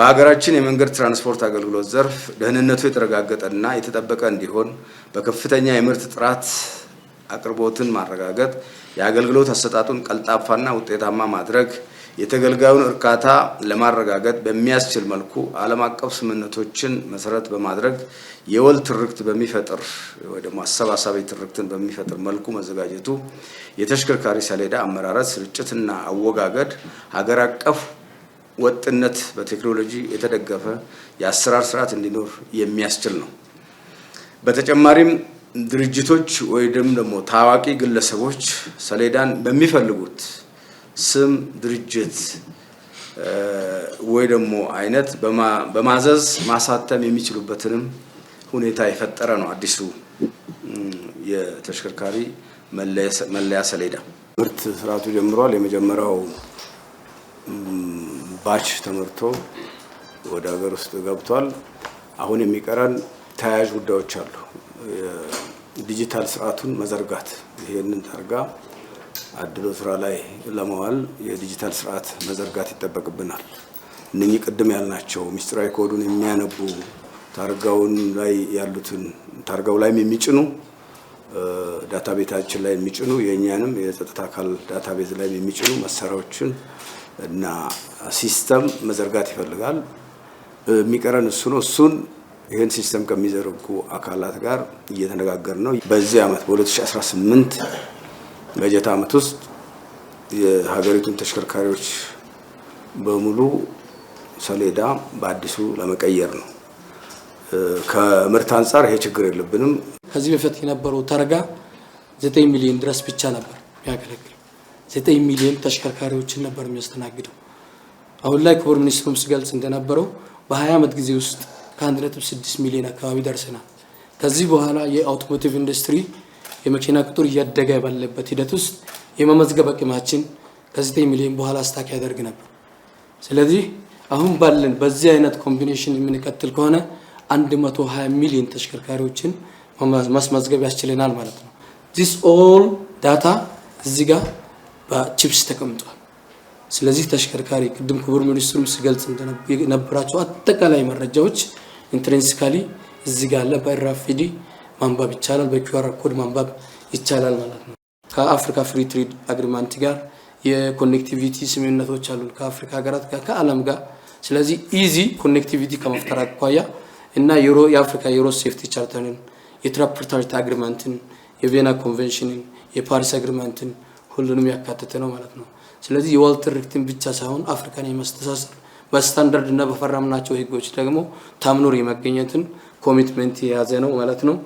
በሀገራችን የመንገድ ትራንስፖርት አገልግሎት ዘርፍ ደህንነቱ የተረጋገጠና የተጠበቀ እንዲሆን በከፍተኛ የምርት ጥራት አቅርቦትን ማረጋገጥ፣ የአገልግሎት አሰጣጡን ቀልጣፋና ውጤታማ ማድረግ፣ የተገልጋዩን እርካታ ለማረጋገጥ በሚያስችል መልኩ ዓለም አቀፍ ስምምነቶችን መሰረት በማድረግ የወል ትርክት በሚፈጥር ወይ ደግሞ አሰባሳቢ ትርክትን በሚፈጥር መልኩ መዘጋጀቱ የተሽከርካሪ ሰሌዳ አመራረት፣ ስርጭትና አወጋገድ ሀገር አቀፍ ወጥነት በቴክኖሎጂ የተደገፈ የአሰራር ስርዓት እንዲኖር የሚያስችል ነው። በተጨማሪም ድርጅቶች ወይም ደግሞ ታዋቂ ግለሰቦች ሰሌዳን በሚፈልጉት ስም፣ ድርጅት ወይ ደግሞ አይነት በማዘዝ ማሳተም የሚችሉበትንም ሁኔታ የፈጠረ ነው አዲሱ የተሽከርካሪ መለያ ሰሌዳ። ምርት ስርዓቱ ጀምሯል። የመጀመሪያው ባች ተመርቶ ወደ ሀገር ውስጥ ገብቷል። አሁን የሚቀረን ተያያዥ ጉዳዮች አሉ። ዲጂታል ስርዓቱን መዘርጋት ይህንን ታርጋ አድሎ ስራ ላይ ለመዋል የዲጂታል ስርዓት መዘርጋት ይጠበቅብናል። እነኚህ ቅድም ያልናቸው ምስጢራዊ ኮዱን የሚያነቡ ታርጋውን ላይ ያሉትን ታርጋው ላይም የሚጭኑ ዳታ ቤታችን ላይ የሚጭኑ የእኛንም የጸጥታ አካል ዳታ ቤዝ ላይ የሚጭኑ መሳሪያዎችን እና ሲስተም መዘርጋት ይፈልጋል። የሚቀረን እሱ ነው። እሱን ይህን ሲስተም ከሚዘርጉ አካላት ጋር እየተነጋገር ነው። በዚህ ዓመት በ2018 በጀት ዓመት ውስጥ የሀገሪቱን ተሽከርካሪዎች በሙሉ ሰሌዳ በአዲሱ ለመቀየር ነው። ከምርት አንጻር ይሄ ችግር የለብንም። ከዚህ በፊት የነበረው ተርጋ 9 ሚሊዮን ድረስ ብቻ ነበር ያገለግል ዘጠኝ ሚሊዮን ተሽከርካሪዎችን ነበር የሚያስተናግደው። አሁን ላይ ክቡር ሚኒስትሩም ሲገልጽ እንደነበረው በ20 ዓመት ጊዜ ውስጥ ከ1.6 ሚሊዮን አካባቢ ደርሰናል። ከዚህ በኋላ የአውቶሞቲቭ ኢንዱስትሪ የመኪና ቁጥር እያደገ ባለበት ሂደት ውስጥ የመመዝገብ አቅማችን ከ9 ሚሊዮን በኋላ ስታክ ያደርግ ነበር። ስለዚህ አሁን ባለን በዚህ አይነት ኮምቢኔሽን የምንቀጥል ከሆነ 120 ሚሊዮን ተሽከርካሪዎችን ማስመዝገብ ያስችለናል ማለት ነው። ዚስ ኦል ዳታ እዚህ ጋር በቺፕስ ተቀምጧል። ስለዚህ ተሽከርካሪ ቅድም ክቡር ሚኒስትሩም ሲገልጽ የነበራቸው አጠቃላይ መረጃዎች ኢንትሪንሲካሊ እዚህ ጋር አለ። በኢራፊዲ ማንበብ ይቻላል፣ በኪዩአር ኮድ ማንበብ ይቻላል ማለት ነው። ከአፍሪካ ፍሪ ትሬድ አግሪመንት ጋር የኮኔክቲቪቲ ስምምነቶች አሉ ከአፍሪካ ሀገራት ጋር ከዓለም ጋር። ስለዚህ ኢዚ ኮኔክቲቪቲ ከመፍጠር አኳያ እና የአፍሪካ ዩሮ ሴፍቲ ቻርተርን፣ የትራፕርታሪት አግሪመንትን፣ የቬና ኮንቬንሽንን፣ የፓሪስ አግሪመንትን ሁሉንም ያካተተ ነው ማለት ነው። ስለዚህ የዋልተር ትርክትን ብቻ ሳይሆን አፍሪካን የማስተሳሰር በስታንዳርድ እና በፈረምናቸው ህጎች ደግሞ ታምኖር የመገኘትን ኮሚትመንት የያዘ ነው ማለት ነው።